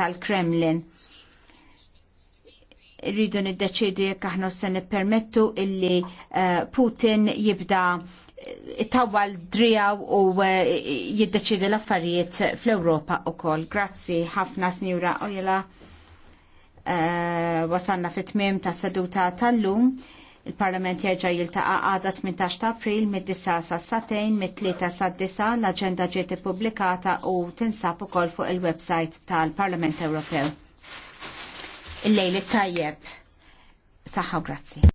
tal-Kremlin. Rridu niddeċidu jekk aħna se nippermettu illi eh, Putin jibda eh, it-tawal drijaw u eh, jiddeċidi l-affarijiet fl-Europa u kol. Grazzi ħafna snjura ojla wasanna fit-tmim ta' seduta tal-lum. Il-Parlament jerġa' jiltaqa' għada 18 ta' April mid-9 sa' satejn mid-3 sa' 9 l-aġenda ġiet ippubblikata u tinsab ukoll fuq il-website tal-Parlament Ewropew. Il-lejl it-tajjeb. Saħħa grazzi.